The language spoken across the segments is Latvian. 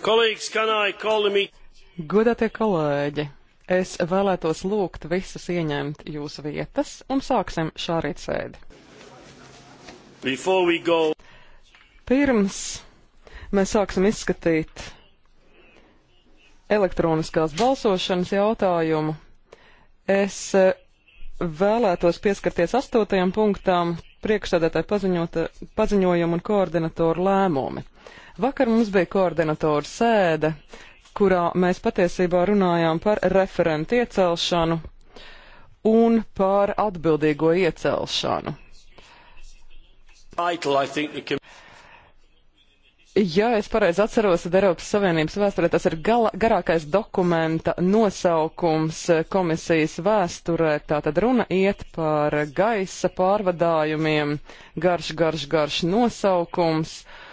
Godātie kolēģi, es vēlētos lūgt visus ieņemt jūsu vietas un sāksim šā rīt sēdi. Go... Pirms mēs sāksim izskatīt elektroniskās balsošanas jautājumu, es eh, vēlētos pieskarties astotajam punktam priekšsēdētāju paziņojumu un koordinatoru lēmumi. Vakar mums bija koordinatora sēde, kurā mēs patiesībā runājām par referentu iecelšanu un par atbildīgo iecelšanu. Ja es pareizi atceros, tad Eiropas Savienības vēsturē tas ir gala, garākais dokumenta nosaukums komisijas vēsturē. Tātad runa iet par gaisa pārvadājumiem, garš, garš, garš nosaukums. Uh,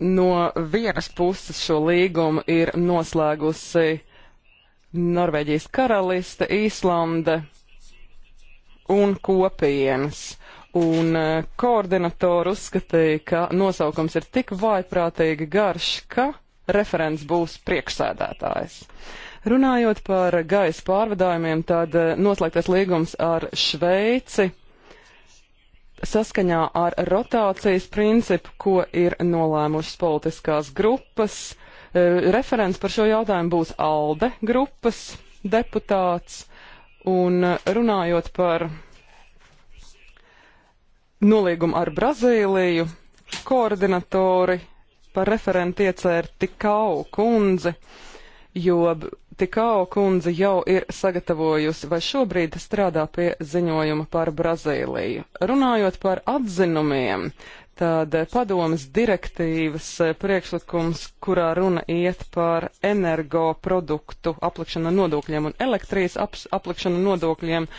no vienas puses šo līgumu ir noslēgusi Norvēģijas karaliste, Īslande un kopienas. Un eh, koordinatori uzskatīja, ka nosaukums ir tik vaiprātīgi garš, ka referents būs priekšsēdētājs. Runājot par gaisa pārvadājumiem, tad eh, noslēgtais līgums ar Šveici saskaņā ar rotācijas principu, ko ir nolēmušas politiskās grupas. E, referents par šo jautājumu būs ALDE grupas deputāts. Un runājot par nolīgumu ar Brazīliju, koordinatori par referentu iecēra Tikau kundzi, jo Tikau kundze jau ir sagatavojusi vai šobrīd strādā pie ziņojuma par Brazīliju. Runājot par atzinumiem, tad padomas direktīvas priekšlikums, kurā runa iet par energoproduktu aplikšanu nodokļiem un elektrijas ap aplikšanu nodokļiem,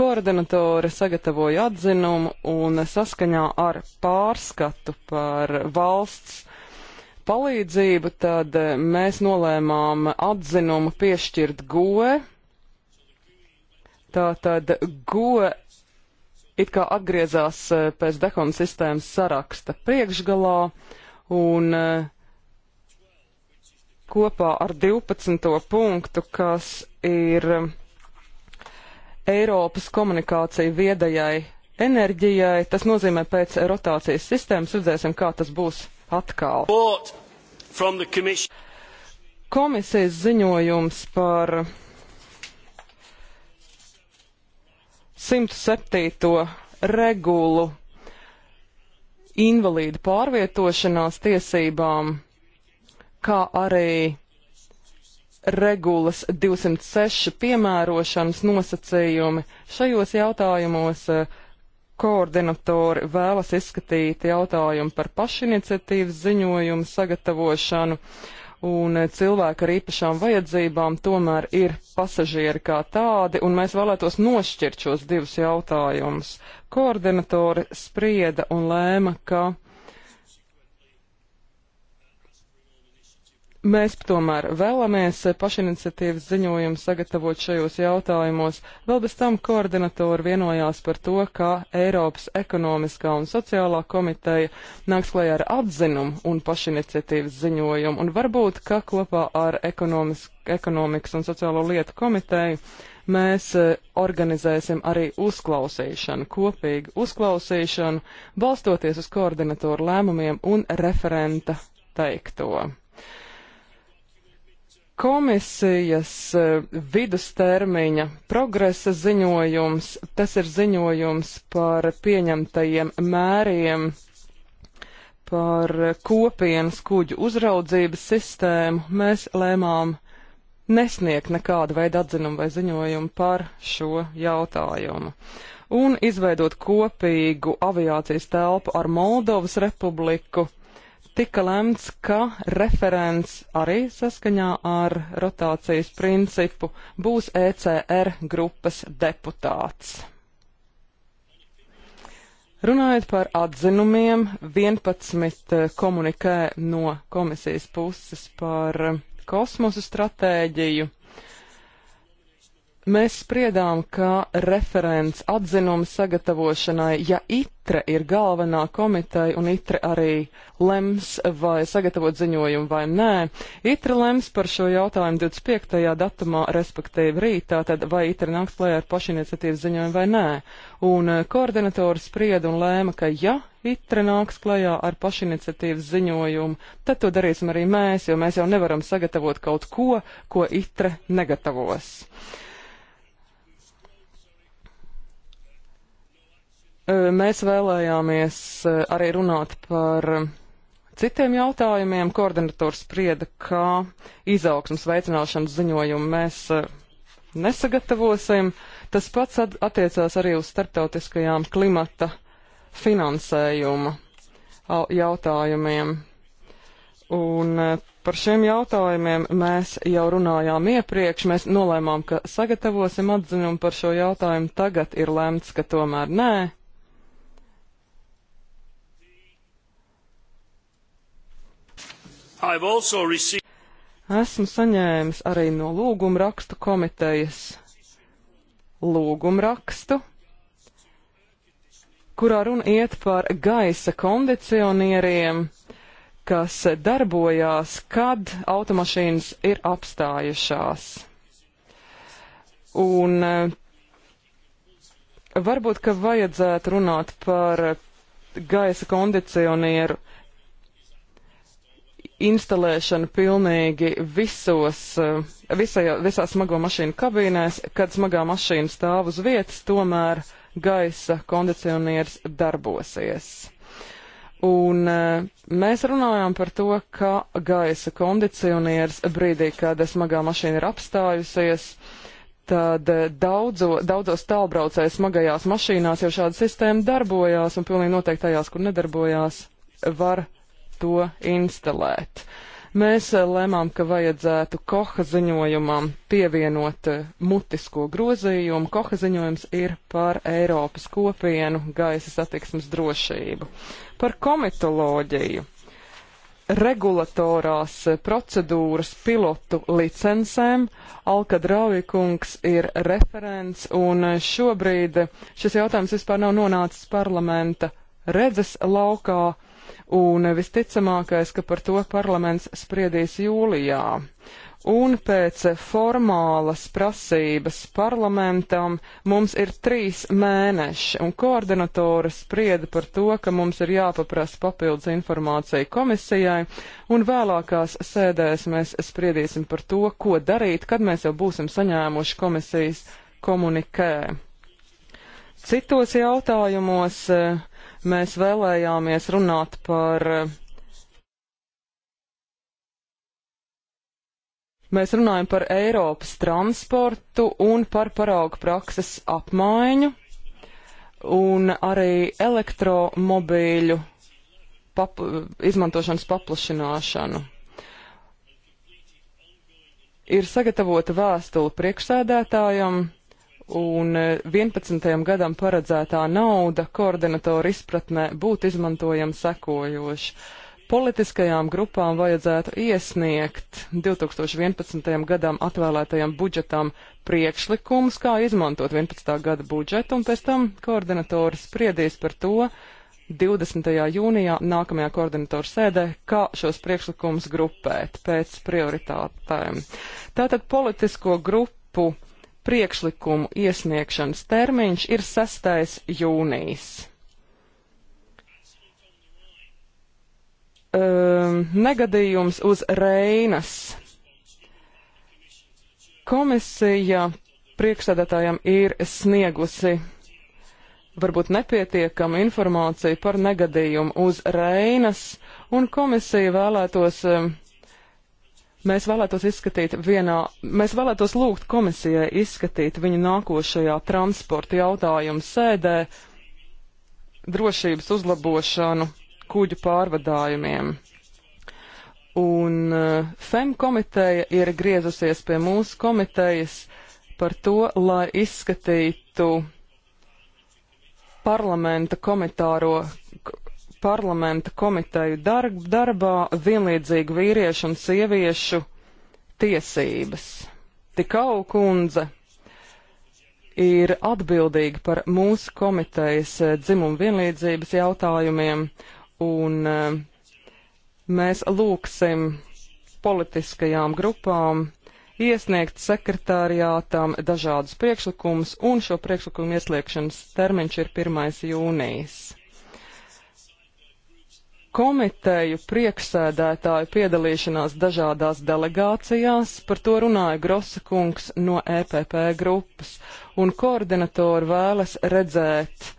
koordinatori sagatavoja atzinumu un saskaņā ar pārskatu par valsts palīdzību, tad eh, mēs nolēmām atzinumu piešķirt goe. Tātad goe it kā atgriezās eh, pēc dehona sistēmas saraksta priekšgalā un eh, kopā ar 12. punktu, kas ir Eiropas komunikācija viedajai enerģijai, tas nozīmē pēc rotācijas sistēmas, redzēsim, kā tas būs atkal. Komisijas ziņojums par 107. regulu invalīdu pārvietošanās tiesībām, kā arī regulas 206 piemērošanas nosacījumi šajos jautājumos uh, koordinatori vēlas izskatīt jautājumu par pašiniciatīvas ziņojumu sagatavošanu, un cilvēki ar īpašām vajadzībām tomēr ir pasažieri kā tādi, un mēs vēlētos nošķirt šos divus jautājumus. Koordinatori sprieda un lēma, ka Mēs tomēr vēlamies pašiniciatīvas ziņojumu sagatavot šajos jautājumos. Vēl bez tam koordinatori vienojās par to, ka Eiropas ekonomiskā un sociālā komiteja nāks klajā ar atzinumu un pašiniciatīvas ziņojumu, un varbūt, ka kopā ar ekonomis, ekonomikas un sociālo lietu komiteju mēs eh, organizēsim arī uzklausīšanu, kopīgu uzklausīšanu, balstoties uz koordinatoru lēmumiem un referenta teikto komisijas eh, vidustermiņa progresa ziņojums, tas ir ziņojums par pieņemtajiem mēriem par kopienas kuģu uzraudzības sistēmu, mēs lēmām nesniegt nekādu veidu atzinumu vai ziņojumu par šo jautājumu. Un izveidot kopīgu aviācijas telpu ar Moldovas republiku, tika lemts, ka referents arī saskaņā ar rotācijas principu būs ECR grupas deputāts. Runājot par atzinumiem, 11 eh, komunikē no komisijas puses par eh, kosmosu stratēģiju Mēs spriedām, ka referents atzinuma sagatavošanai, ja ITRE ir galvenā komiteja un ITRE arī lems vai sagatavot ziņojumu vai nē, ITRE lems par šo jautājumu 25. datumā, respektīvi rītā, tad vai ITRE nāks klajā ar pašiniciatīvas ziņojumu vai nē. Un eh, koordinatori sprieda un lēma, ka ja ITRE nāks klajā ar pašiniciatīvas ziņojumu, tad to darīsim arī mēs, jo mēs jau nevaram sagatavot kaut ko, ko ITRE negatavos. Mēs vēlējāmies arī runāt par citiem jautājumiem. Koordinators sprieda, ka izaugsmas veicināšanas ziņojumu mēs nesagatavosim. Tas pats attiecās arī uz starptautiskajām klimata finansējuma jautājumiem. Un par šiem jautājumiem mēs jau runājām iepriekš, mēs nolēmām, ka sagatavosim atzinumu par šo jautājumu, tagad ir lemts, ka tomēr nē. received... Esmu saņēmis arī no lūgumrakstu komitejas lūgumrakstu, kurā runa iet par gaisa kondicionieriem, kas darbojās, kad automašīnas ir apstājušās. Un eh, varbūt, ka vajadzētu runāt par gaisa kondicionieru instalēšanu pilnīgi visos, eh, visai, visā smago mašīnu kabīnēs, kad smagā mašīna stāv uz vietas, tomēr gaisa kondicionieris darbosies. Un eh, mēs runājām par to, ka gaisa kondicionieris brīdī, kad smagā mašīna ir apstājusies, tad eh, daudzo, daudzos tālbraucēju smagajās mašīnās jau šāda sistēma darbojās un pilnīgi noteikti tajās, kur nedarbojās, var to instalēt. Mēs eh, lēmām, ka vajadzētu koha ziņojumam pievienot eh, mutisko grozījumu. Koha ziņojums ir par Eiropas kopienu gaisa satiksmes drošību. Par komitoloģiju. Regulatorās eh, procedūras pilotu licencēm Alkadraujikungs ir referents un šobrīd šis jautājums vispār nav nonācis parlamenta redzes laukā un visticamākais, ka par to parlaments spriedīs jūlijā. Un pēc formālas prasības parlamentam mums ir trīs mēneši, un koordinatori sprieda par to, ka mums ir jāpaprasa papildus informācija komisijai, un vēlākās sēdēs mēs spriedīsim par to, ko darīt, kad mēs jau būsim saņēmuši komisijas komunikē. Citos jautājumos uh, Mēs vēlējāmies runāt par. Mēs runājam par Eiropas transportu un par paraugu prakses apmaiņu un arī elektromobīļu pap izmantošanas paplašināšanu ir sagatavota vēstule priekšsēdētājam, un 11. E, gadam paredzētā nauda koordinatoru izpratnē būtu izmantojama sekojoši. Politiskajām grupām vajadzētu iesniegt 2011. gadam atvēlētajam budžetam priekšlikumus, kā izmantot 11. gada budžetu, un pēc tam koordinatori spriedīs par to 20. jūnijā nākamajā koordinatoru sēdē, kā šos priekšlikumus grupēt pēc prioritātēm. Tātad politisko grupu priekšlikumu iesniegšanas termiņš ir 6. jūnijas. Um, negadījums uz Reinas. Komisija priekšsēdētājam ir sniegusi varbūt nepietiekama informācija par negadījumu uz Reinas, un komisija vēlētos um, Mēs vēlētos izskatīt vienā, mēs vēlētos lūgt komisijai izskatīt viņu nākošajā transporta jautājumu sēdē drošības uzlabošanu kuģu pārvadājumiem. Un eh, FEM komiteja ir griezusies pie mūsu komitejas par to, lai izskatītu parlamenta komitāro, parlamenta komiteju darb, darbā vienlīdzīgu vīriešu un sieviešu tiesības. Tikau kundze ir atbildīga par mūsu komitejas eh, dzimumu vienlīdzības jautājumiem, un eh, mēs lūksim politiskajām grupām iesniegt sekretārijātām dažādus priekšlikumus, un šo priekšlikumu iesliekšanas termiņš ir 1. jūnijas komiteju prieksēdētāju piedalīšanās dažādās delegācijās, par to runāja Grosa kungs no EPP grupas, un koordinatori vēlas redzēt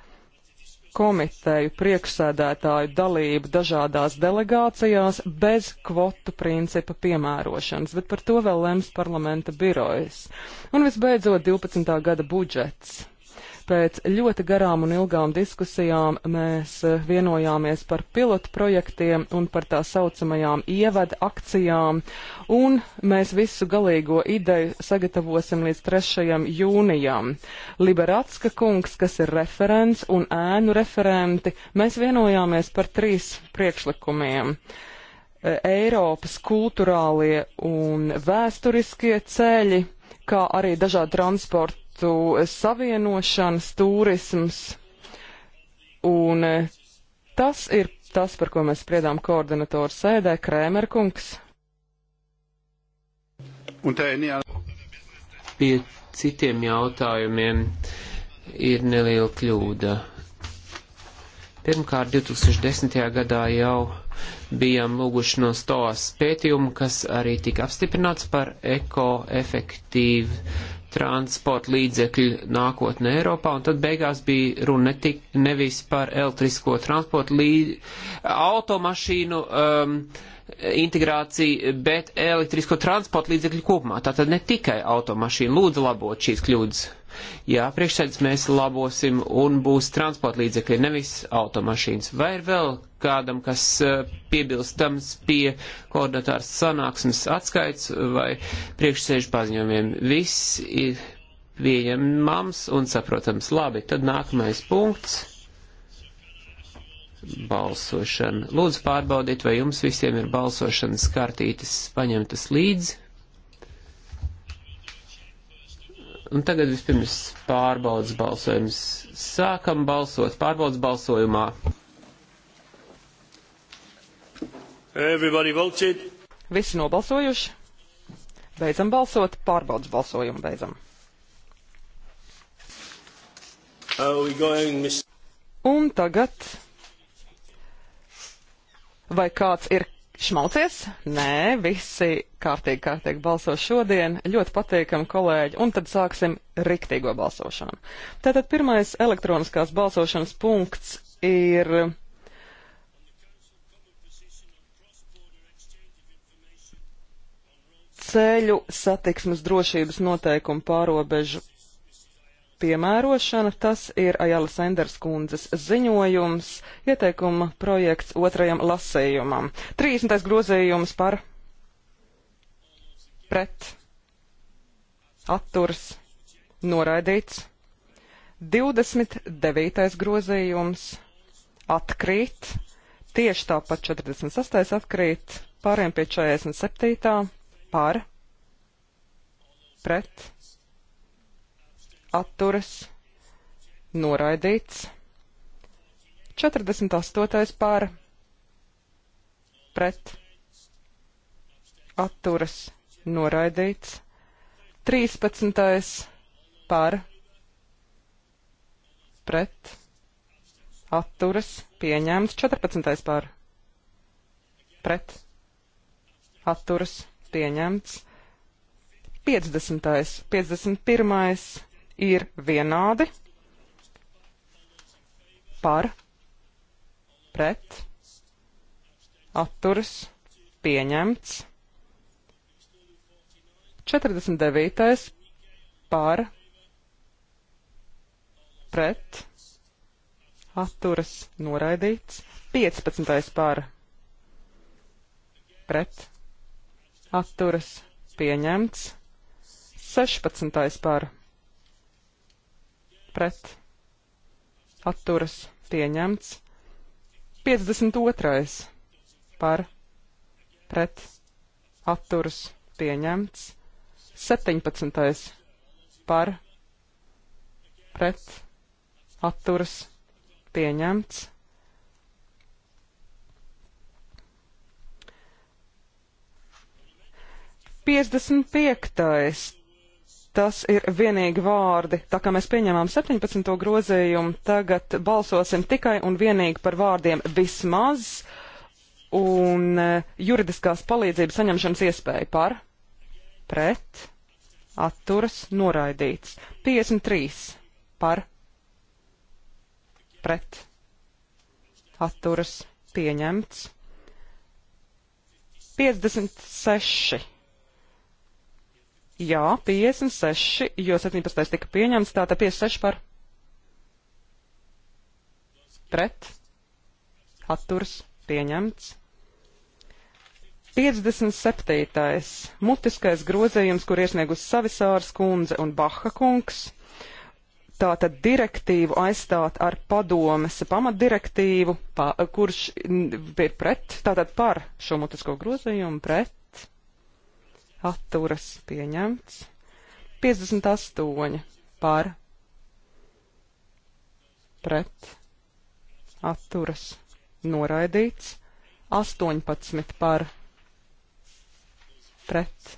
komiteju priekšsēdētāju dalību dažādās delegācijās bez kvotu principa piemērošanas, bet par to vēl lems parlamenta birojas. Un visbeidzot 12. gada budžets. Pēc ļoti garām un ilgām diskusijām mēs eh, vienojāmies par pilotu projektiem un par tā saucamajām ievada akcijām, un mēs visu galīgo ideju sagatavosim līdz 3. jūnijam. Liberatska kungs, kas ir referents un ēnu referenti, mēs vienojāmies par trīs priekšlikumiem. Eh, Eiropas kultūrālie un vēsturiskie ceļi, kā arī dažādi transporta būtu eh, savienošanas turisms, un eh, tas ir tas, par ko mēs spriedām koordinatoru sēdē, Krēmerkungs. Pie citiem jautājumiem ir neliela kļūda. Pirmkārt, 2010. gadā jau bijām lūguši no stāsts pētījumu, kas arī tika apstiprināts par ekoefektīvu transporta līdzekļu nākotne Eiropā, un tad beigās bija runa netik, nevis par elektrisko transportu līdz automašīnu. Um, integrāciju, bet elektrisko transportu līdzekļu kopumā. Tātad ne tikai automašīnu. Lūdzu labot šīs kļūdas. Jā, priekšsēdus mēs labosim un būs transporta līdzekļi, nevis automašīnas. Vai ir vēl kādam, kas eh, piebilstams pie koordinatārs sanāksmes atskaits vai priekšsēžu paziņojumiem? Viss ir pieņemams un saprotams. Labi, tad nākamais punkts balsošanu. Lūdzu pārbaudiet, vai jums visiem ir balsošanas kartītes paņemtas līdzi. Un tagad vispirms pārbaudas balsojums. Sākam balsot pārbaudas balsojumā. Visi nobalsojuši. Beidzam balsot, pārbaudas balsojumu beidzam. Going, Un tagad Vai kāds ir šmaucies? Nē, visi kārtīgi, kārtīgi balso šodien. Ļoti patīkami, kolēģi. Un tad sāksim riktīgo balsošanu. Tātad pirmais elektroniskās balsošanas punkts ir. ceļu satiksmes drošības noteikumu pārobežu piemērošana, tas ir Ajala Senders kundzes ziņojums, ieteikuma projekts otrajam lasējumam. 30. grozījums par pret atturs noraidīts. 29. grozījums atkrīt, tieši tāpat 46. atkrīt, pāriem pie 47. par pret atturas, noraidīts. 48. pār pret atturas noraidīts, 13. par pret atturas pieņemts, 14. par pret atturas pieņemts, 50. 51 ir vienādi par, pret, atturas, pieņemts. 49. par, pret, atturas, noraidīts. 15. par, pret, atturas, pieņemts. 16. par, pret pret atturas pieņemts. 52. par pret atturas pieņemts. 17. par pret atturas pieņemts. Piecdesmit piektais tas ir vienīgi vārdi. Tā kā mēs pieņemām 17. grozījumu, tagad balsosim tikai un vienīgi par vārdiem vismaz un e, juridiskās palīdzības saņemšanas iespēju par, pret, atturas, noraidīts. 53 par, pret, atturas, pieņemts. 56 Jā, 56, jo 17. tika pieņemts, tātad 56 par pret, atturs, pieņemts. 57. mutiskais grozējums, kur iesniegus Savisārs kundze un Baha kungs. Tātad direktīvu aizstāt ar padomes pamatdirektīvu, pa, kurš ir pret, tātad par šo mutisko grozējumu, pret, atturas pieņemts. 58 par pret atturas noraidīts. 18 par pret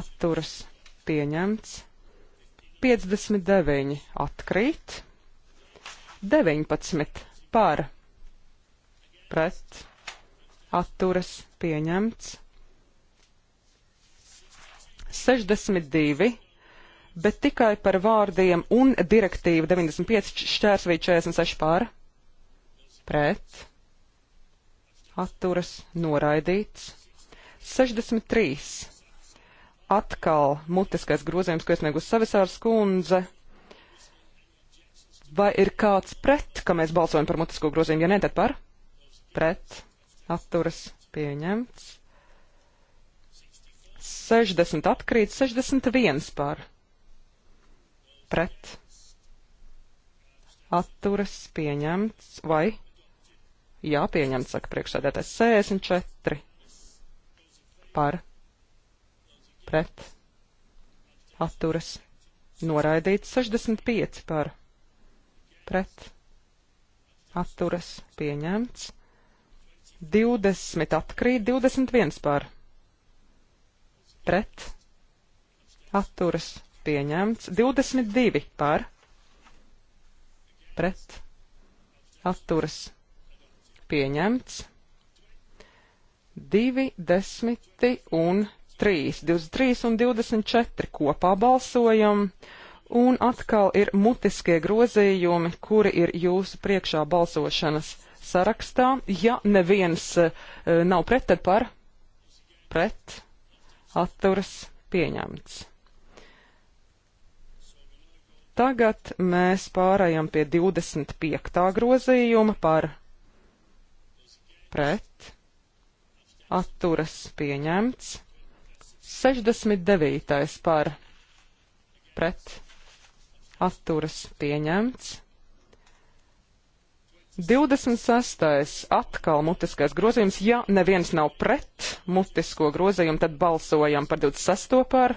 atturas pieņemts. 59 atkrīt. 19 par pret atturas pieņemts. 62, bet tikai par vārdiem un direktīva 95 šķērsvīt 46 pār. Pret. Atturas noraidīts. 63. Atkal mutiskais grozījums, ko iesniegus Savisārs kundze. Vai ir kāds pret, ka mēs balsojam par mutisko grozījumu? Ja nē, tad par? Pret. Atturas pieņemts. 60 atkrīt, 61 par pret atturas pieņemts vai jāpieņemts, saka priekšsēdētājs, 64 par pret atturas noraidīts, 65 par pret atturas pieņemts, 20 atkrīt, 21 par pret pret, atturas, pieņemts. 22 par, pret, atturas, pieņemts. 2, 10 un 3, 23 un 24 kopā balsojam. Un atkal ir mutiskie grozījumi, kuri ir jūsu priekšā balsošanas sarakstā. Ja neviens uh, nav pret, tad par pret atturas pieņemts. Tagad mēs pārējām pie 25. grozījuma par pret, atturas pieņemts, 69. par pret, atturas pieņemts, 26. atkal mutiskais grozījums. Ja neviens nav pret mutisko grozījumu, tad balsojam par 26. par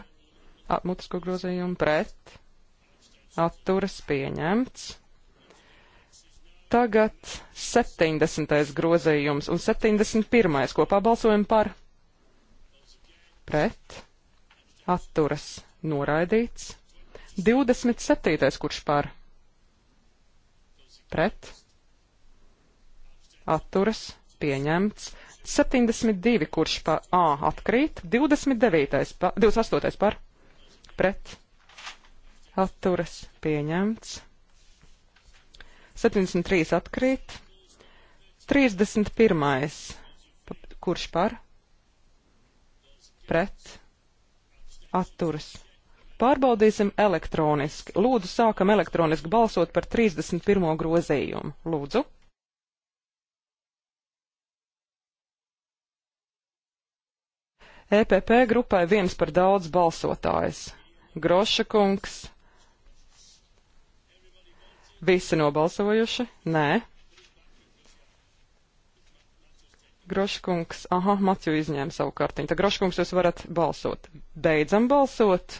A, mutisko grozījumu pret. Atturas pieņemts. Tagad 70. grozījums un 71. kopā balsojam par pret. Atturas noraidīts. 27. kurš par pret atturas, pieņemts. 72, kurš pa A atkrīt, 29, pa, 28 par, pret, atturas, pieņemts. 73 atkrīt, 31, kurš par, pret, atturas, Pārbaudīsim elektroniski. Lūdzu, sākam elektroniski balsot par 31. grozījumu. Lūdzu! EPP grupai viens par daudz balsotājs. Groša kungs. Visi nobalsojuši? Nē. Groškungs, aha, Matju izņēma savu kartiņu. Tad Groškungs jūs varat balsot. Beidzam balsot.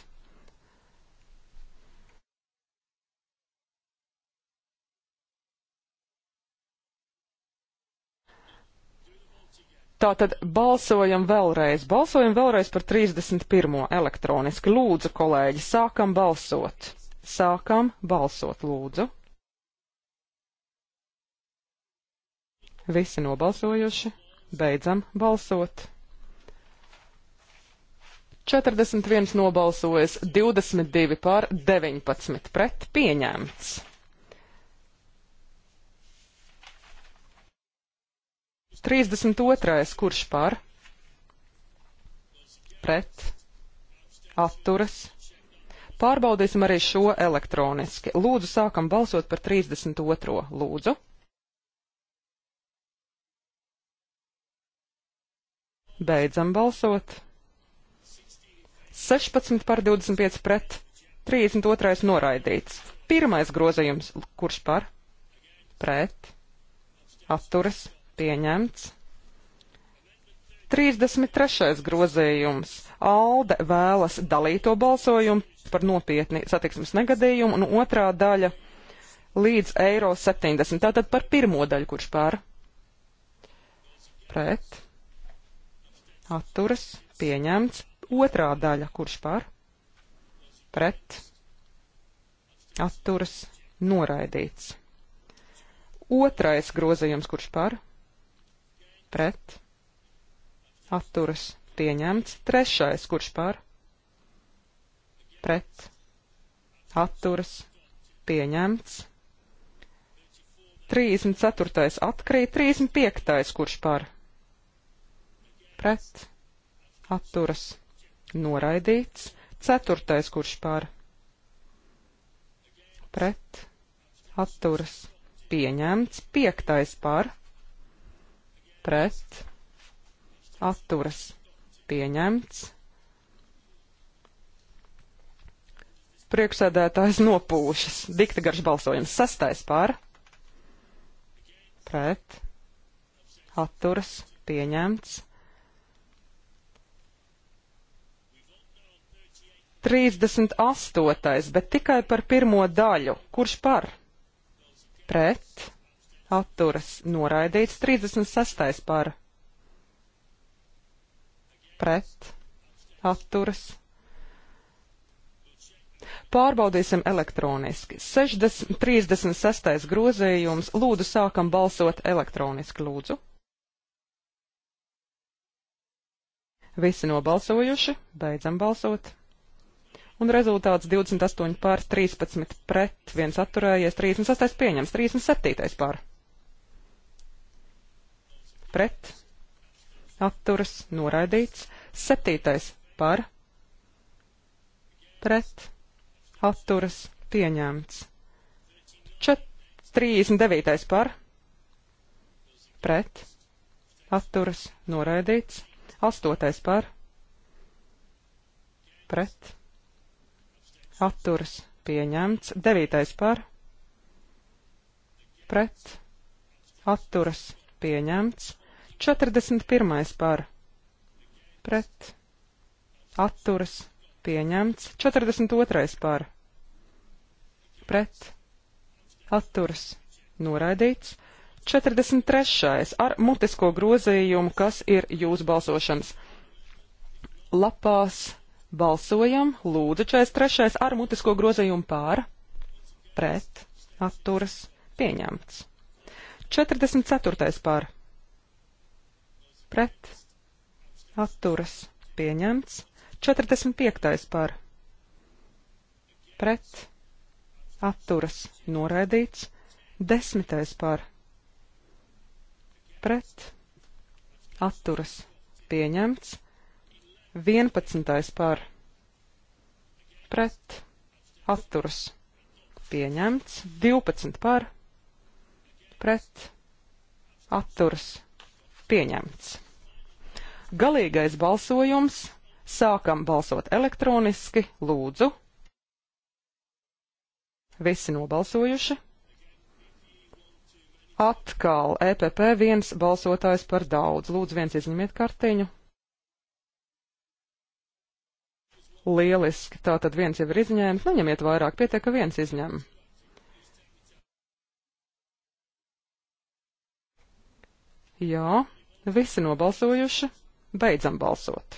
Tātad balsojam vēlreiz. Balsojam vēlreiz par 31. elektroniski. Lūdzu, kolēģi, sākam balsot. Sākam balsot, lūdzu. Visi nobalsojuši. Beidzam balsot. 41 nobalsojas, 22 pār 19 pret pieņemts. 32. kurš par? Pret. Atturas. Pārbaudīsim arī šo elektroniski. Lūdzu, sākam balsot par 32. Lūdzu. Beidzam balsot. 16 par 25 pret, 32 noraidīts. Pirmais grozījums, kurš par? Pret. Atturas pieņemts. 33. grozījums. Alde vēlas dalīto balsojumu par nopietni satiksmes negadījumu un otrā daļa līdz eiro 70. Tātad par pirmo daļu, kurš pār? Pret. Atturas. Pieņemts. Otrā daļa, kurš pār? Pret. Atturas. Noraidīts. Otrais grozījums, kurš pār? pret, atturas, pieņemts. Trešais, kurš par, pret, atturas, pieņemts. 34. atkrīt, 35. kurš par, pret, atturas, noraidīts. 4. kurš par, pret, atturas, pieņemts. 5. par, pret pret, atturas, pieņemts. Priekšsēdētājs nopūšas, dikta garš balsojums, sastais pār, pret, atturas, pieņemts. 38. bet tikai par pirmo daļu. Kurš par? Pret, atturas noraidīts, 36. par pret atturas. Pārbaudīsim elektroniski. 60, 36. grozējums. Lūdzu, sākam balsot elektroniski, lūdzu. Visi nobalsojuši, beidzam balsot un rezultāts 28 pār 13 pret, viens atturējies, 36 pieņems, 37 pār pret, atturas, noraidīts, septītais par, pret, atturas, pieņemts, Čet, 39. par, pret, atturas, noraidīts, 8. par, pret, atturas, pieņemts, 9. par, pret, atturas, pieņemts. 41. par pret atturas pieņemts. 42. par pret atturas noraidīts. 43. ar mutisko grozījumu, kas ir jūsu balsošanas lapās. Balsojam, lūdzu, 43. ar mutisko grozījumu pār, pret, atturas, pieņemts. 44. pār pret atturas pieņemts. 45. pār pret atturas noraidīts. 10. pār pret atturas pieņemts. 11. pār pret atturas pieņemts. 12. pār pret pret atturs pieņemts. Galīgais balsojums. Sākam balsot elektroniski, lūdzu. Visi nobalsojuši. Atkal EPP viens balsotājs par daudz. Lūdzu, viens izņemiet kartiņu. Lieliski, tā tad viens jau ir izņēmis. Neņemiet vairāk, pietiek, ka viens izņem. Jā, visi nobalsojuši. Beidzam balsot.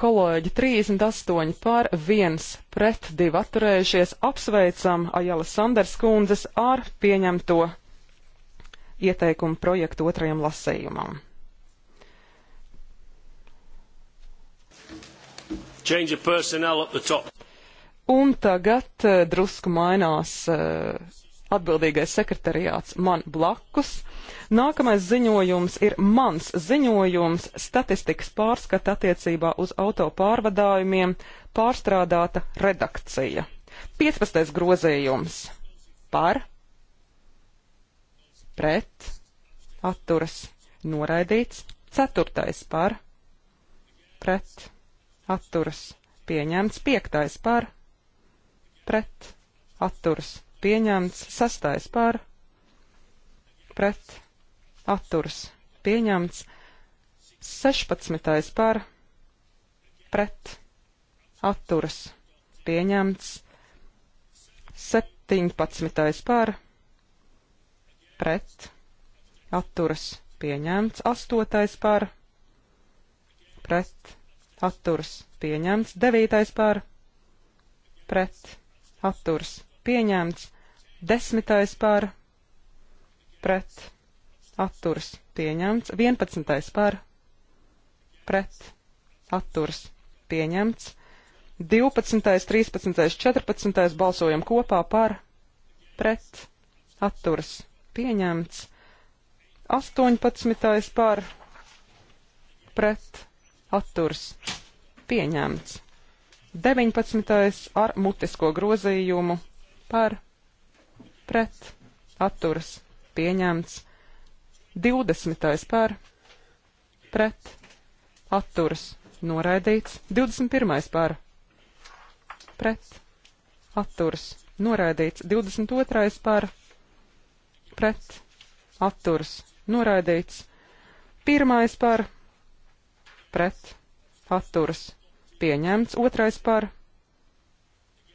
Kolēģi 38 pār 1 pret 2 atturējušies. Apsveicam Ajala Sanders kundzes ar pieņemto ieteikumu projektu otrajam lasējumam. Change of personnel at the top. Un tagad eh, drusku mainās uh, atbildīgais sekretariāts man blakus. Nākamais ziņojums ir mans ziņojums statistikas pārskata attiecībā uz autopārvadājumiem pārstrādāta redakcija. 15. grozījums par, pret, atturas, noraidīts, 4. par, pret, atturas, pieņemts, 5. par, pret, atturas, pieņemts, sastais par, pret, atturs, pieņemts, sešpadsmitais par, pret, atturs, pieņemts, septiņpadsmitais par, pret, atturs, pieņemts, astotais par, pret, atturs, pieņemts, devītais par, pret, atturs, pieņemts, desmitais par pret atturs pieņemts, vienpadsmitais par pret atturs pieņemts, divpadsmitais, trīspadsmitais, četrpadsmitais balsojam kopā par pret atturs pieņemts, astoņpadsmitais par pret atturs pieņemts. 19. ar mutisko grozījumu par pret atturas pieņemts. 20. par pret atturas noraidīts. 21. par pret atturas noraidīts. 22. par pret atturas noraidīts. 1. par pret atturas pieņemts. 2. par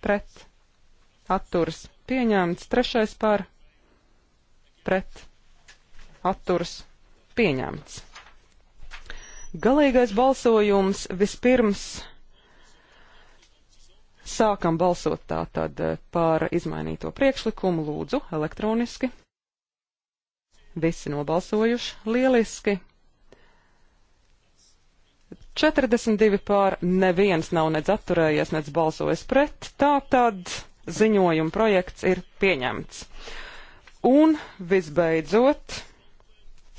pret atturas pieņemts, trešais par pret atturas pieņemts. Galīgais balsojums vispirms sākam balsot tātad eh, par izmainīto priekšlikumu lūdzu elektroniski. Visi nobalsojuši. Lieliski. 42 pār neviens nav nedz atturējies, nedz balsojis pret. Tā tad ziņojuma projekts ir pieņemts. Un visbeidzot,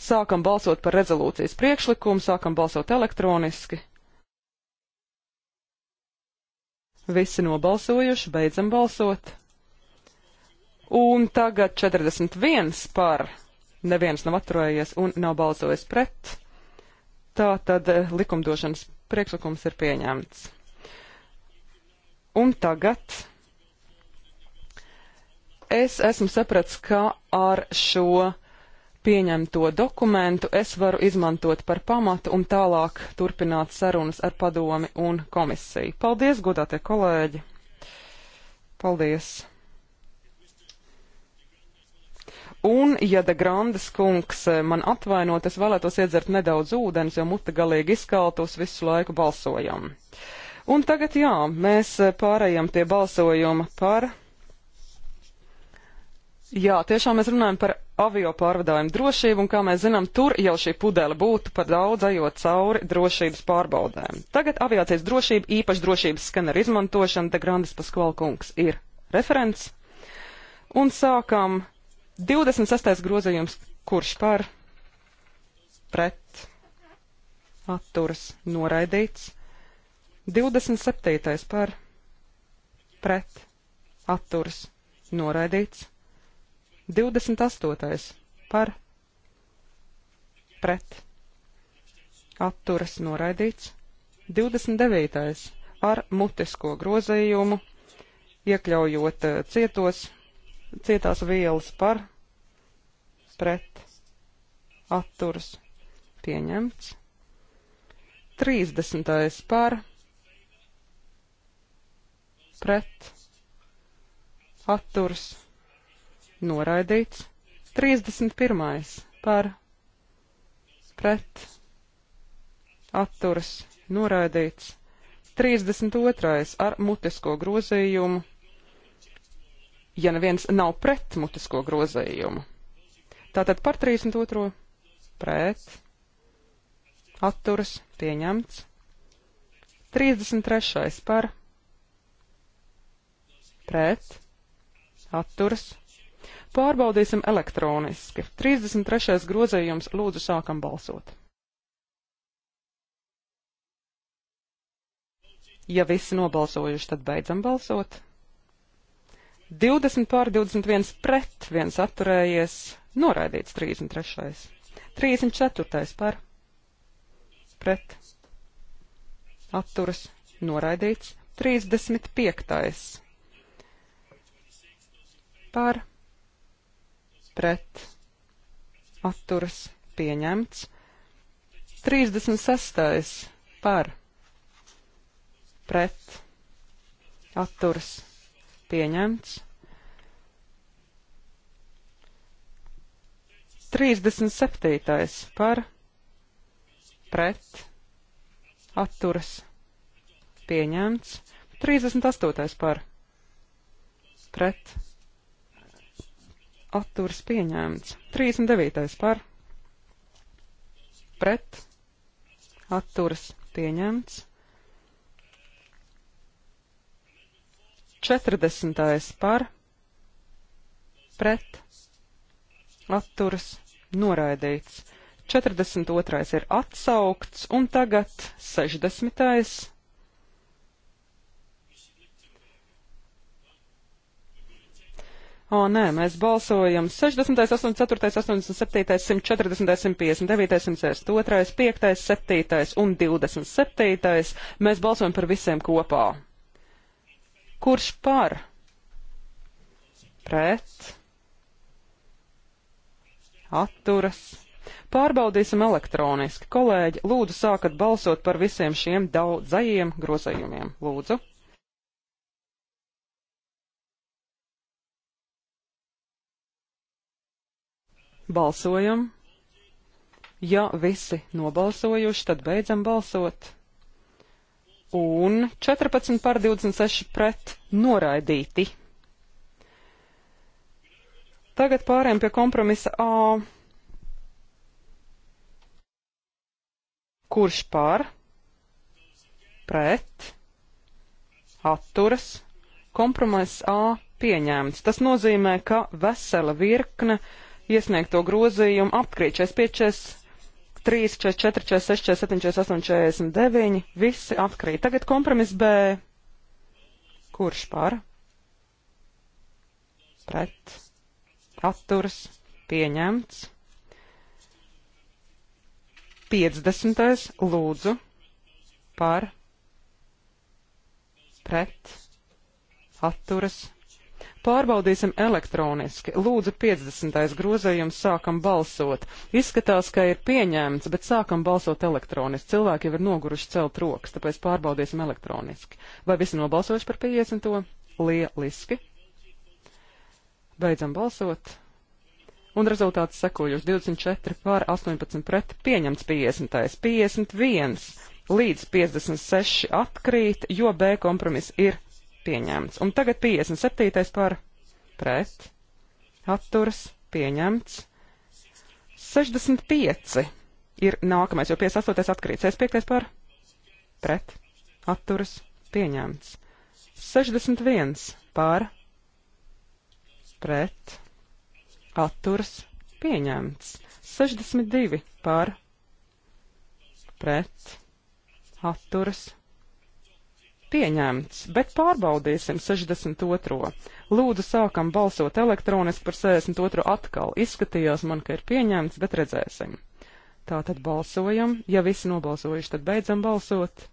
sākam balsot par rezolūcijas priekšlikumu, sākam balsot elektroniski. Visi nobalsojuši, beidzam balsot. Un tagad 41 par, neviens nav atturējies un nav balsojis pret. Tā tad eh, likumdošanas priekšlikums ir pieņemts. Un tagad es esmu sapratis, ka ar šo pieņemto dokumentu es varu izmantot par pamatu un tālāk turpināt sarunas ar padomi un komisiju. Paldies, godātie kolēģi! Paldies! Un, ja de Grandes kungs eh, man atvainot, es vēlētos iedzert nedaudz ūdens, jo muta galīgi izkaltos visu laiku balsojam. Un tagad jā, mēs eh, pārējām pie balsojuma par Jā, tiešām mēs runājam par avio pārvadājumu drošību, un kā mēs zinām, tur jau šī pudele būtu par daudz ejot cauri drošības pārbaudēm. Tagad aviācijas drošība, īpaši drošības skaneru izmantošana, de Grandis Paskvalkungs ir referents. Un sākam 26. grozījums, kurš par pret atturas noraidīts. 27. par pret atturas noraidīts. 28. par pret atturas noraidīts. 29. ar mutisko grozējumu, iekļaujot eh, cietos, cietās vielas par pret atturas pieņemts. 30. par pret atturas pieņemts noraidīts. 31. par pret atturas noraidīts. 32. ar mutisko grozījumu, ja neviens nav pret mutisko grozījumu. Tātad par 32. pret atturas pieņemts. 33. par pret atturas pieņemts Pārbaudīsim elektroniski. 33. grozējums lūdzu sākam balsot. Ja visi nobalsojuši, tad beidzam balsot. 20 pār 21 pret, viens atturējies, noraidīts 33. 34. par pret atturas noraidīts 35. par pret atturas pieņemts. 36. par pret atturas pieņemts. 37. par pret atturas pieņemts. 38. par pret atturs pieņēmts. 39. par pret atturs pieņemts. 40. par pret atturs noraidīts. 42. ir atsaukts un tagad 60. O, nē, mēs balsojam 60, 84, 87, 140, 159, 162, 5, 7 un 27. Mēs balsojam par visiem kopā. Kurš par? Pret? Atturas? Pārbaudīsim elektroniski. Kolēģi, lūdzu sākat balsot par visiem šiem daudzajiem grozējumiem. Lūdzu. Balsojam. Ja visi nobalsojuši, tad beidzam balsot. Un 14 pār 26 pret noraidīti. Tagad pārējām pie kompromisa A. Kurš pār? Pret? Atturas? Kompromiss A pieņēmts. Tas nozīmē, ka vesela virkne uh, iesniegto grozījumu apkrīt 45, 3, 44, 46, 47, 48, 49, visi atkrīt. Tagad kompromiss B. Kurš par? Pret. Atturs. Pieņemts. 50. Lūdzu. Par. Pret. Atturas. Pārbaudīsim elektroniski. Lūdzu, 50. grozējums sākam balsot. Izskatās, ka ir pieņēmts, bet sākam balsot elektroniski. Cilvēki jau ir noguruši celt rokas, tāpēc pārbaudīsim elektroniski. Vai visi nobalsojuši par 50. lieliski? Beidzam balsot un rezultāts sekojuši 24 pār 18 pret pieņemts 50. 51 līdz 56 atkrīt, jo B kompromiss ir pieņemts. Un tagad 57. par pret, atturas, pieņemts. 65 ir nākamais, jo 58. atkrīt. 65. par pret, atturas, pieņemts. 61 par pret, atturas, pieņemts. 62 par pret, atturas, pieņemts Pieņemts, bet pārbaudīsim 62. Lūdzu, sākam balsot elektroniski par 62. atkal. Izskatījās man, ka ir pieņemts, bet redzēsim. Tā tad balsojam, ja visi nobalsojuši, tad beidzam balsot.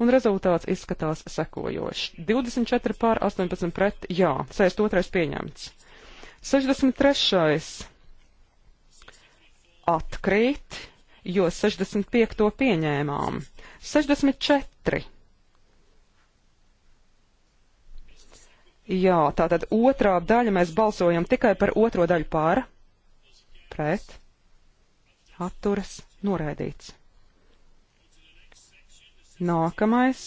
Un rezultāts izskatās sekojoši. 24 pār 18 pret, jā, 62. pieņemts. 63. atkrīt, jo 65. pieņēmām. 64. Jā, tātad otrā daļa mēs balsojam tikai par otro daļu pāra. Pret. Atturas. Noraidīts. Nākamais.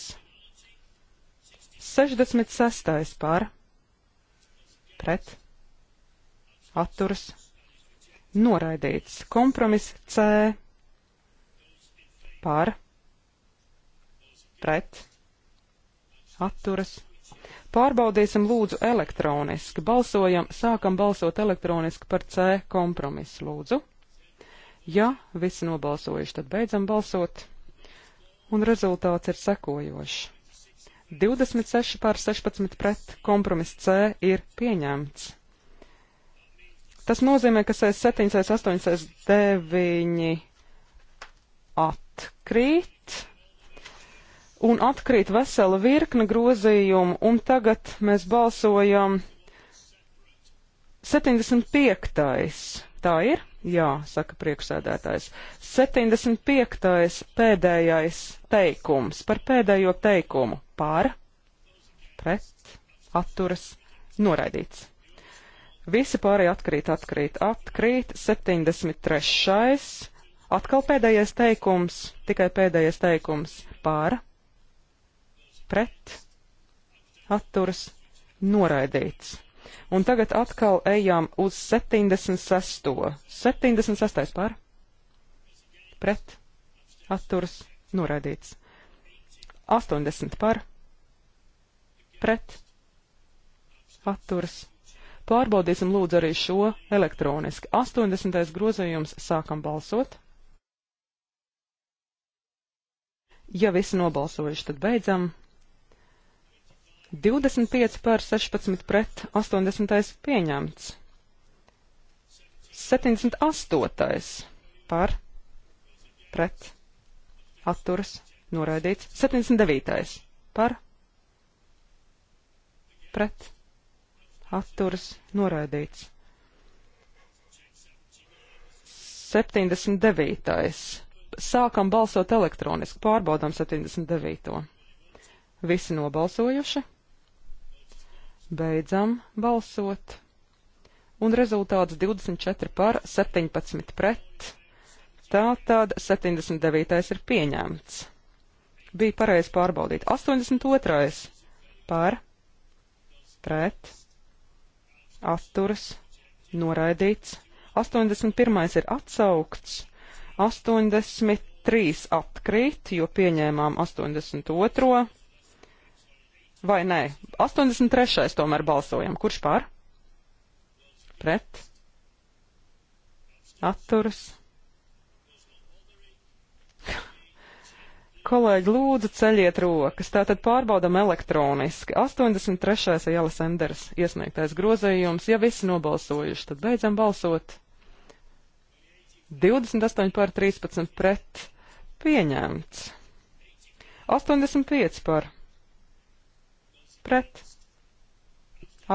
66. pāra. Pret. Atturas. Noraidīts. Kompromis C. Pāra. Pret. Atturas Pārbaudīsim lūdzu elektroniski. Balsojam, sākam balsot elektroniski par C kompromisu lūdzu. Ja visi nobalsojuši, tad beidzam balsot. Un rezultāts ir sekojošs. 26 pār 16 pret kompromiss C ir pieņemts. Tas nozīmē, ka 67, 8, 9 atkrīt un atkrīt vesela virkne grozījumu, un tagad mēs balsojam 75. Tā ir? Jā, saka priekšsēdētājs. 75. pēdējais teikums par pēdējo teikumu par, pret, atturas, noraidīts. Visi pārējie atkrīt, atkrīt, atkrīt. 73. atkal pēdējais teikums, tikai pēdējais teikums par, pret, atturas, noraidīts. Un tagad atkal ejam uz 76. 76. par, pret, atturas, noraidīts. 80 par, pret, atturas. Pārbaudīsim lūdzu arī šo elektroniski. 80. grozījums sākam balsot. Ja visi nobalsojuši, tad beidzam. 25 pār 16 pret 80 pieņemts. 78 par pret atturas noraidīts. 79 par pret atturas noraidīts. 79. Sākam balsot elektroniski, pārbaudām 79. Visi nobalsojuši. Beidzam balsot. Un rezultāts 24 par 17 pret. Tātad 79. ir pieņemts. Bija pareizi pārbaudīt. 82. par pret atturas noraidīts. 81. ir atsaukts. 83 atkrīt, jo pieņēmām 82 vai nē? 83. tomēr balsojam. Kurš par? Pret? Atturas? Kolēģi, lūdzu, ceļiet rokas. Tātad pārbaudam elektroniski. 83. Jālis Enders iesniegtais grozējums. Ja visi nobalsojuši, tad beidzam balsot. 28 pār 13 pret pieņemts. 85 par pret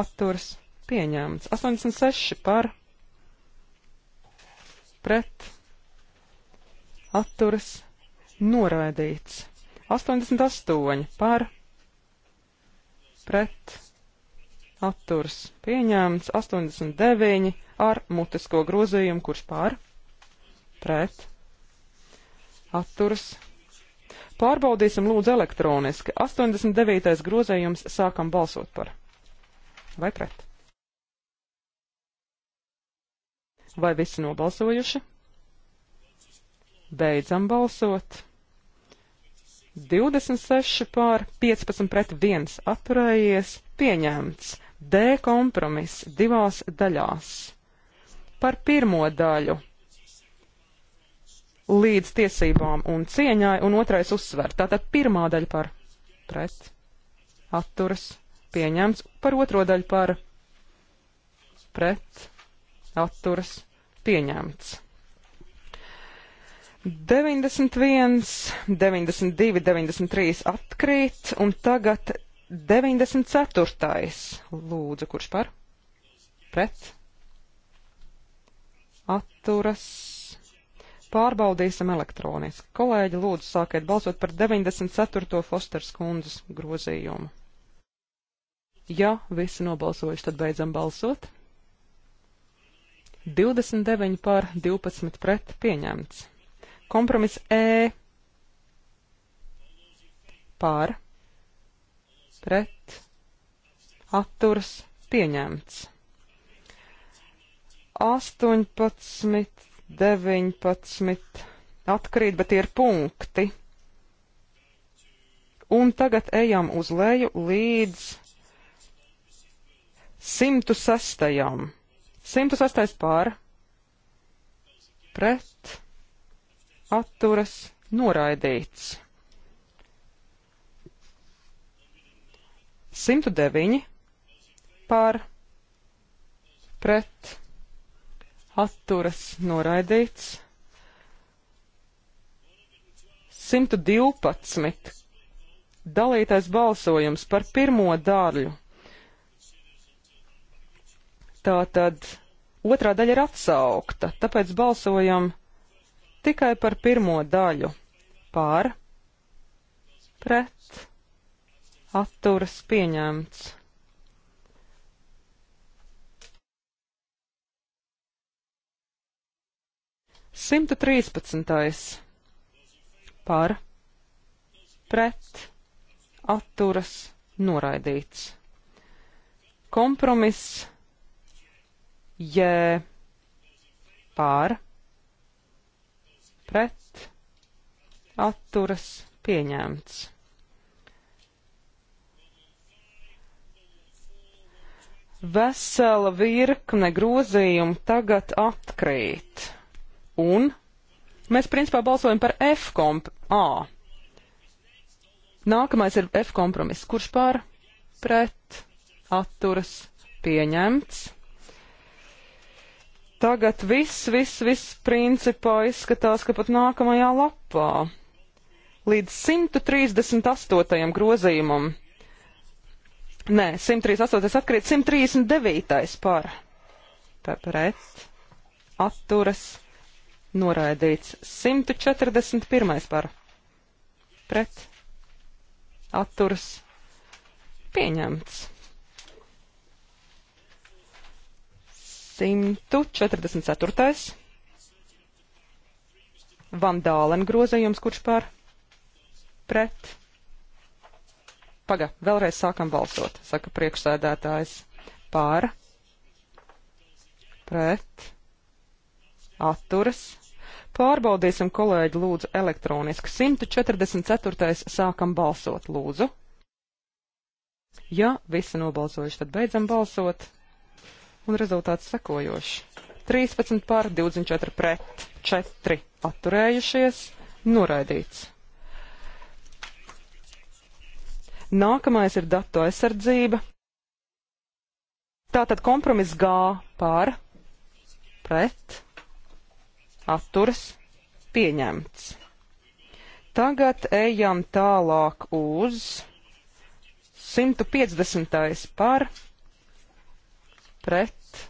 atturs pieņemts. 86 par pret atturs noraidīts. 88 par pret atturs pieņemts. 89 ar mutisko grozījumu, kurš par pret atturs pieņemts Pārbaudīsim lūdzu elektroniski. 89. grozējums sākam balsot par. Vai pret? Vai visi nobalsojuši? Beidzam balsot. 26 pār 15 pret 1 atturējies, pieņemts. D kompromiss divās daļās. Par pirmo daļu līdz tiesībām un cieņai, un otrais uzsver. Tātad pirmā daļa par pret, atturas, pieņemts, par otro daļu par pret, atturas, pieņemts. 91, 92, 93 atkrīt, un tagad 94. Lūdzu, kurš par? Pret? Atturas pārbaudīsim elektroniski. Kolēģi, lūdzu, sākiet balsot par 94. Fosters kundzes grozījumu. Ja visi nobalsojuši, tad beidzam balsot. 29 pār 12 pret pieņemts. Kompromiss E pār pret atturs pieņemts. 18 19 atkrīt, bet tie ir punkti. Un tagad ejam uz leju līdz 106. 106 pār pret atturas noraidīts. 109 pār pret atturas noraidīts. 112. Dalītais balsojums par pirmo daļu. Tātad otrā daļa ir atsaukta, tāpēc balsojam tikai par pirmo daļu. Pār, pret, atturas pieņemts. 113. par pret atturas noraidīts. Kompromiss jē pār pret atturas pieņemts. Vesela virkne grozījumu tagad atkrīt un mēs principā balsojam par F komp A. Nākamais ir F kompromiss, kurš pār pret atturas pieņemts. Tagad viss, viss, viss principā izskatās, ka pat nākamajā lapā līdz 138. grozījumam. Nē, 138. atkrīt, 139. par pret atturas noraidīts. 141. par pret atturas pieņemts. 144. Vandālen grozījums, kurš par pret. Paga, vēlreiz sākam balsot, saka priekšsēdētājs. Pār, pret, atturas, Pārbaudīsim, kolēģi, lūdzu, elektroniski. 144. sākam balsot, lūdzu. Ja visi nobalsojuši, tad beidzam balsot. Un rezultāts sekojošs. 13 pār 24 pret 4 atturējušies, noraidīts. Nākamais ir datu aizsardzība. Tātad kompromiss G pār pret atturas pieņemts. Tagad ejam tālāk uz 150. par pret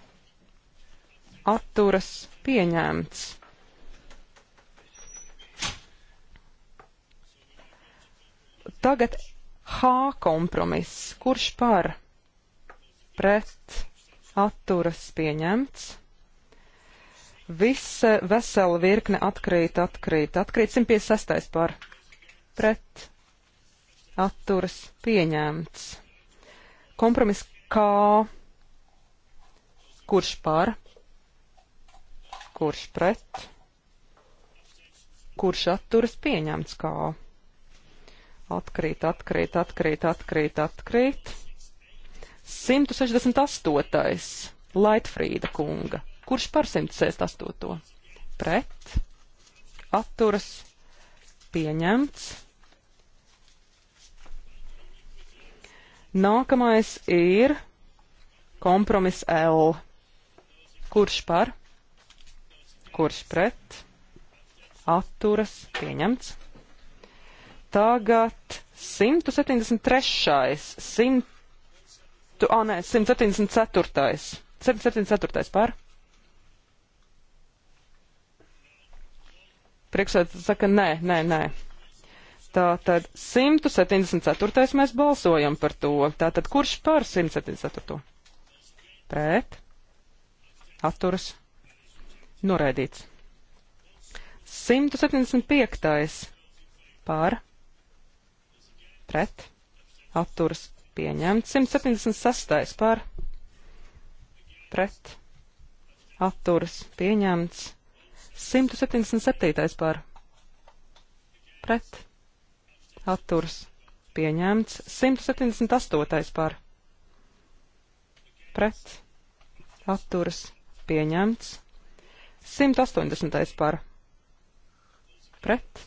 atturas pieņemts. Tagad H kompromiss, kurš par pret atturas pieņemts. Viss vesela virkne atkrīt, atkrīt, atkrīt. 156 par pret atturas pieņemts. Kompromis kā kurš par, kurš pret, kurš atturas pieņemts kā. Atkrīt, atkrīt, atkrīt, atkrīt, atkrīt. 168. Laitfrīda kunga Kurš par 168? Pret. Atturas. Pieņemts. Nākamais ir kompromiss L. Kurš par? Kurš pret? Atturas pieņemts. Tagad 173. 100, ah, nē, 174. 174. par? Priekšsēdētājs saka, nē, nē, nē. Tātad 174. mēs balsojam par to. Tātad kurš par 174. Pret. Atturas. Noraidīts. 175. par. Pret. Atturas. Pieņemts. 176. par. Pret. Atturas. Pieņemts. 177. par pret atturs pieņemts. 178. par pret atturs pieņemts. 180. par pret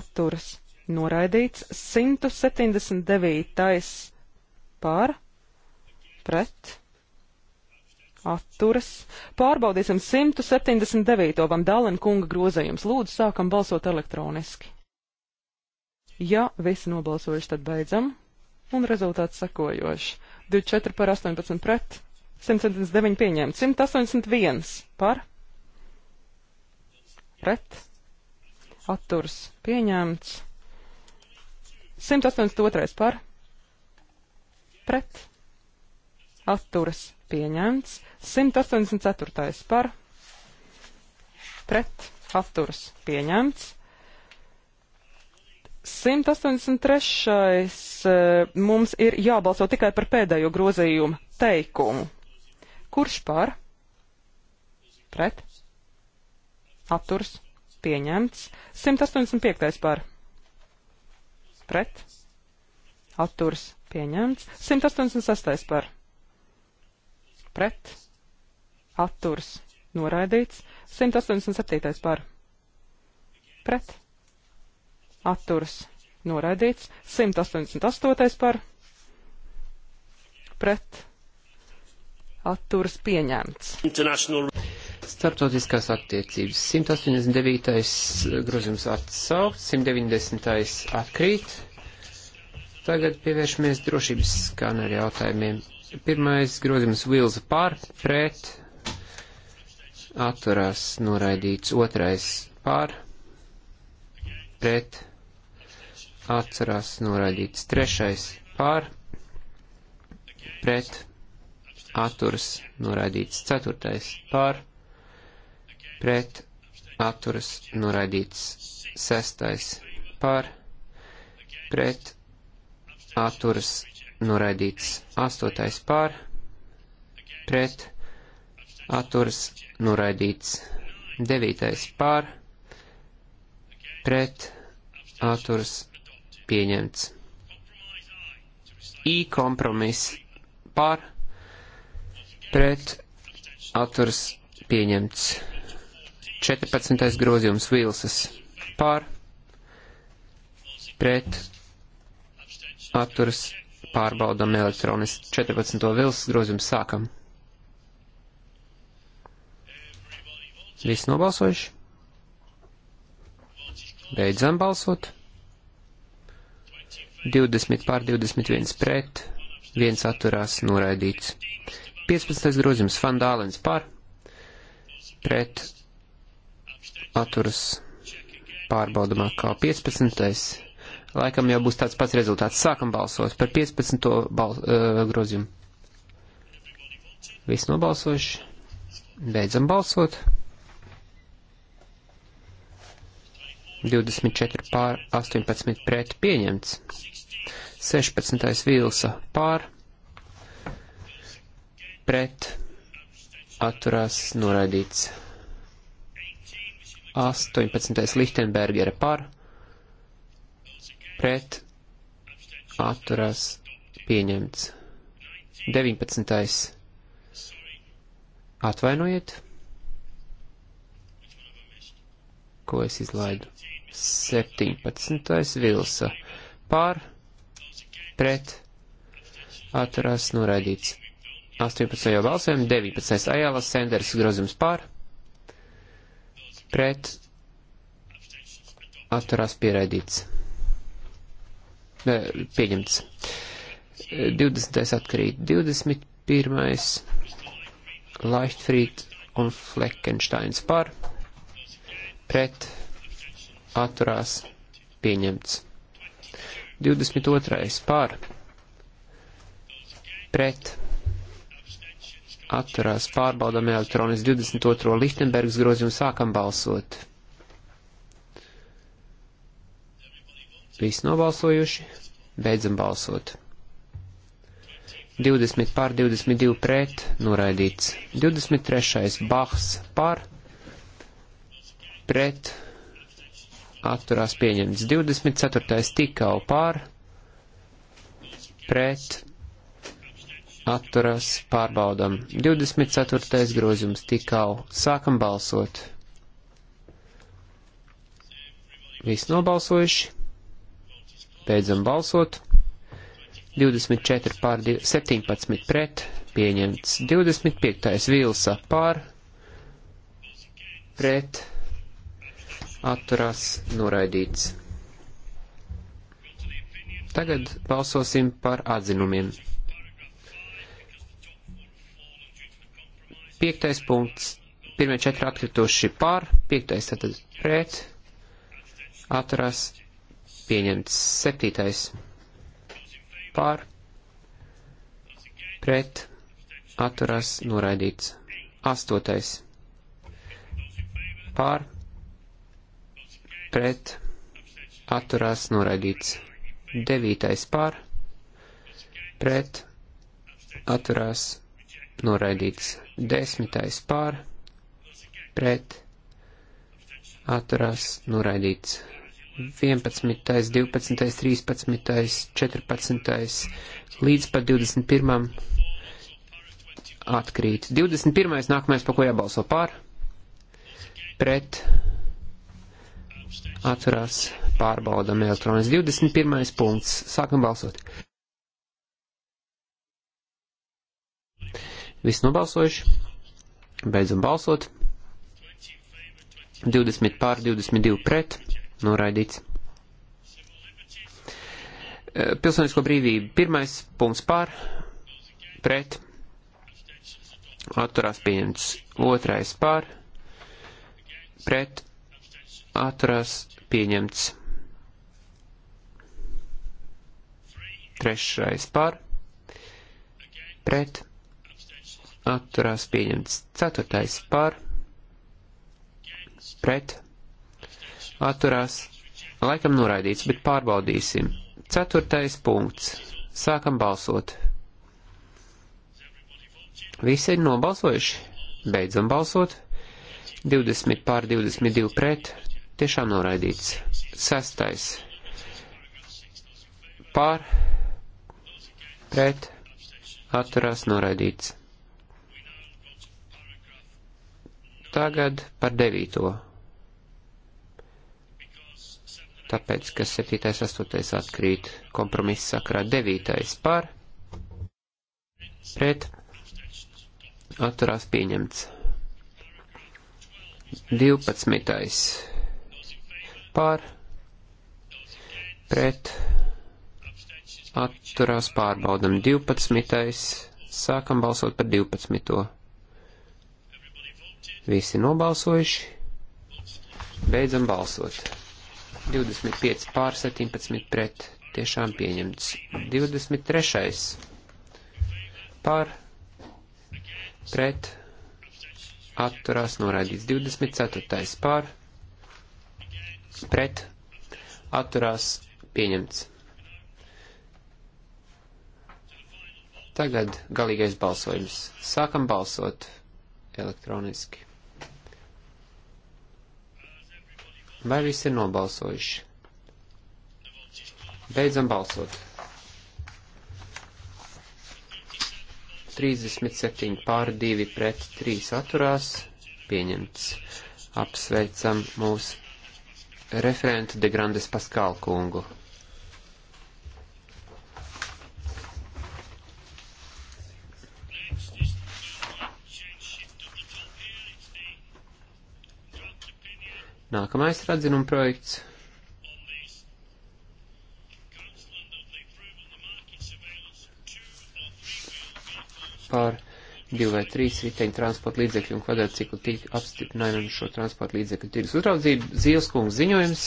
atturs noraidīts. 179. par pret atturas. Pārbaudīsim 179. van Dālena kunga grozējums. Lūdzu, sākam balsot elektroniski. Ja visi nobalsojuši, tad beidzam. Un rezultāts sekojoši. 24 par 18 pret, 179 pieņemts, 181 par, pret, atturs pieņemts, 182 par, pret, atturas pieņemts, 184. par pret atturas pieņemts, 183. Eh, mums ir jābalso tikai par pēdējo grozījumu teikumu. Kurš par? Pret? Atturs? Pieņemts. 185. par? Pret? Atturs? Pieņemts. 186. par? pret, atturs, noraidīts. 187. par, pret, atturs, noraidīts. 188. par, pret, atturs, pieņemts. International... Startautiskās attiecības. 189. grozījums atsaukt, 190. atkrīt. Tagad pievēršamies drošības skaneri jautājumiem. Pirmais grozījums Vilza pār, pret, atturās noraidīts. Otrais pār, pret, atcerās noraidīts. Trešais pār, pret, atturas noraidīts. Ceturtais pār, pret, atturas noraidīts. Sestais pār, pret, atturas noraidīts. 8. pār, pret, atturas, noraidīts. 9. pār, pret, atturas, pieņemts. I kompromiss pār, pret, atturas, pieņemts. 14. grozījums Vilsas pār, pret, atturas, pieņemts pārbaudam elektroniski. 14. vils grozījums sākam. Viss nobalsojuši? Beidzam balsot. 20 pār 21 pret, 1 atturās noraidīts. 15. grozījums Fandālens pār, pret atturas pārbaudamā kā 15. Laikam jau būs tāds pats rezultāts. Sākam balsot par 15. Bal, uh, grozījumu. Viss nobalsojuši. Beidzam balsot. 24 pār 18 pret pieņemts. 16. Vīlsa pār pret atturās noraidīts. 18. Lichtenbergera pār pret atturās pieņemts. 19. Atvainojiet, ko es izlaidu. 17. Vilsa pār pret atturās noraidīts. 18. balsojam, 19. Ajālas Sanders grozījums pār pret atturās pieraidīts pieņemts. 20. atkarīt. 21. Leichtfried un Fleckensteins par. Pret. Atturās. Pieņemts. 22. par. Pret. Atturās. Pārbaudam elektronis 22. Lichtenbergs grozījumu sākam balsot. Visi nobalsojuši, beidzam balsot. 20 pār 22 pret, noraidīts. 23. Bahs pār, pret, atturās pieņemts. 24. Tikau pār, pret, atturās pārbaudam. 24. grozījums Tikau, sākam balsot. Viss nobalsojuši, Beidzam balsot. 24 pār 17 pret, pieņemts 25. Vilsa pār, pret, atturās, noraidīts. Tagad balsosim par atzinumiem. Piektais punkts. Pirmie četri atkritoši pār, piektais tātad pret, atturās, pieņemts. Septītais pār, pret, atturās, noraidīts. Astotais pār, pret, atturās, noraidīts. Devītais pār, pret, atturās, noraidīts. Desmitais pār, pret, atturās, noraidīts 11, 12, 13, 14 līdz pat 21 atkrīt. 21. nākamais, pa ko jābalso pār, pret, atcerās, pārbaudam elektronis. 21. punkts, sākam balsot. Viss nobalsojuši, beidzam balsot. 20 pār, 22 pret, Noraidīts. E, pilsonisko brīvību. Pirmais punkts pār, pret, atturās pieņemts. Otrais pār, pret, atturās pieņemts. Trešais pār, pret, atturās pieņemts. Ceturtais pār, pret, atturās, laikam noraidīts, bet pārbaudīsim. Ceturtais punkts. Sākam balsot. Visi ir nobalsojuši. Beidzam balsot. 20 pār 22 pret. Tiešām noraidīts. Sestais. Pār. Pret. Atturās noraidīts. Tagad par devīto tāpēc, ka 7. 8. atkrīt kompromisa sakrā 9. par, pret, atturās pieņemts. 12. par, pret, atturās pārbaudam 12. Sākam balsot par 12. Visi nobalsojuši. Beidzam balsot. 25 pār 17 pret tiešām pieņemts. 23. pār pret atturās noraidīts. 24. pār pret atturās pieņemts. Tagad galīgais balsojums. Sākam balsot elektroniski. Vai visi ir nobalsojuši? Beidzam balsot. 37 pār 2 pret 3 atturās. Pieņemts. Apsveicam mūsu referentu De Grandes Paskālu kungu. Nākamais ir atzinuma projekts. Par divu vai trīs riteņu transporta līdzekļu un kvadrātciklu tīklu apstiprinājumu šo transporta līdzekļu tirgus uzraudzību. Zīles kungs ziņojums.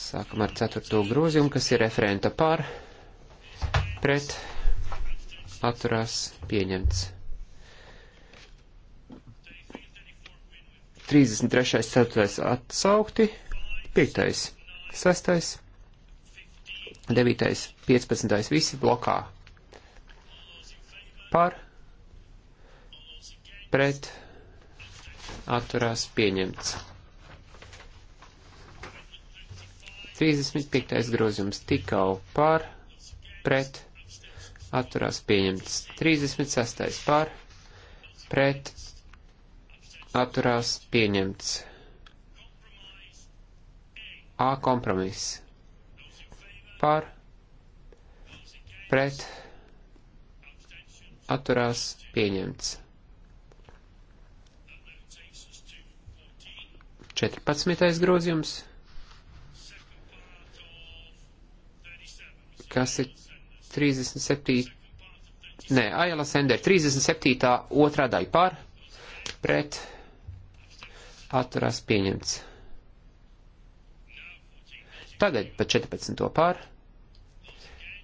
Sākam ar ceturto grozījumu, kas ir referenta par, pret, atturās, pieņemts. 33. 4. atsaukti, 5. 6. 9. 15. visi blokā par pret atturās pieņemts. 35. grozījums tikau par pret atturās pieņemts. 36. par pret atturās pieņemts. A kompromiss par pret atturās pieņemts. 14. grozījums, kas ir 37. Nē, Aila Sender, 37. otrā daļa par pret atturās pieņemts. Tagad pa 14. pār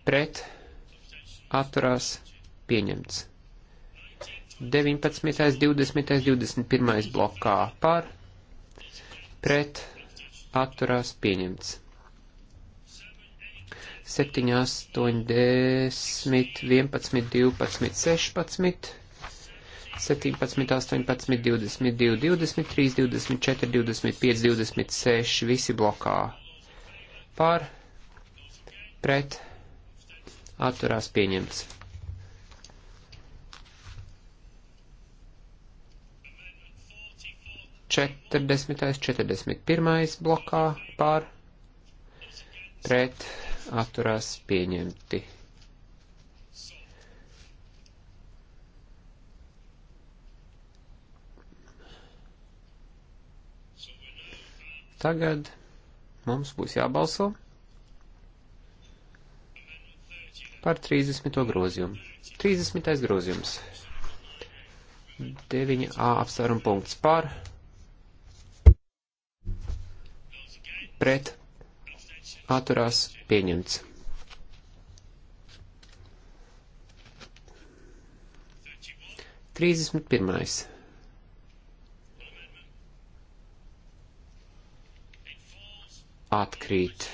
pret atturās pieņemts. 19., 20., 21. blokā pār pret atturās pieņemts. 7, 8, 10, 11, 12, 16. 17, 18, 22, 23, 24, 25, 26, visi blokā. Pār, pret, atturās pieņemts. Četrdesmitais, četrdesmit pirmais blokā pār, pret, atturās pieņemti. tagad mums būs jābalso par 30. grozījumu. 30. grozījums. 9a apsvērumu punkts par pret atturās pieņemts. 31. atkrīt.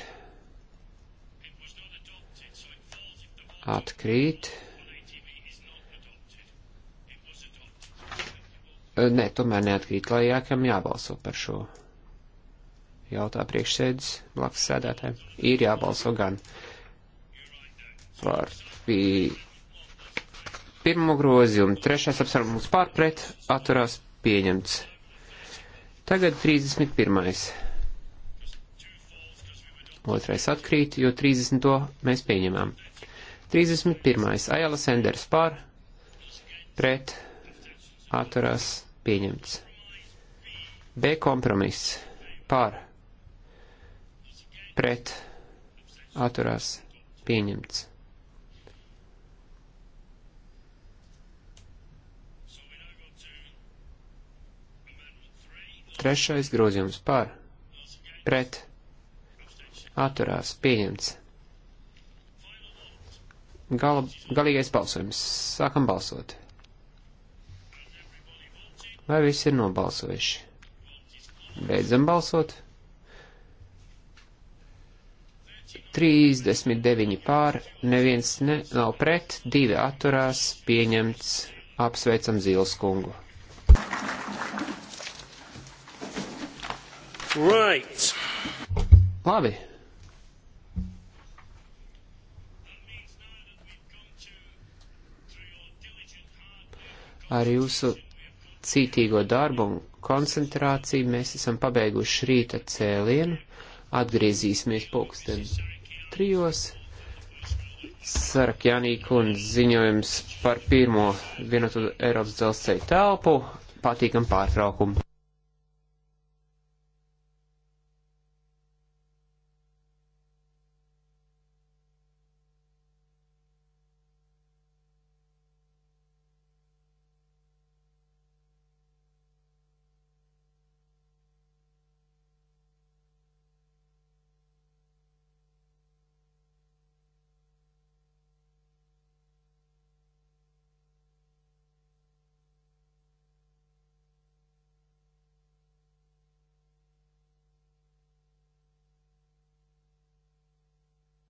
Atkrīt. Nē, tomēr neatkrīt, lai jākam jābalso par šo. Jautā priekšsēdis blakus sēdētājiem. Ir jābalso gan par pirmo grozījumu, trešais apsvērums pārpret, atturās pieņemts. Tagad 31 otrais atkrīt, jo 30. mēs pieņemam. 31. Ajala Senders pār, pret, atturās, pieņemts. B kompromiss pār, pret, atturās, pieņemts. Trešais grozījums pār, pret, atturās pieņemts. Gala, galīgais balsojums. Sākam balsot. Vai visi ir nobalsojuši? Beidzam balsot. 39 pār, neviens ne, nav pret, divi atturās, pieņemts, apsveicam Zīles kungu. Right. Labi. Ar jūsu cītīgo darbu un koncentrāciju mēs esam pabeiguši rīta cēlienu, atgriezīsimies pulksten trijos. Sarakjanī kundze ziņojums par pirmo vienotu Eiropas dzelzceļa telpu. Patīkam pārtraukumu!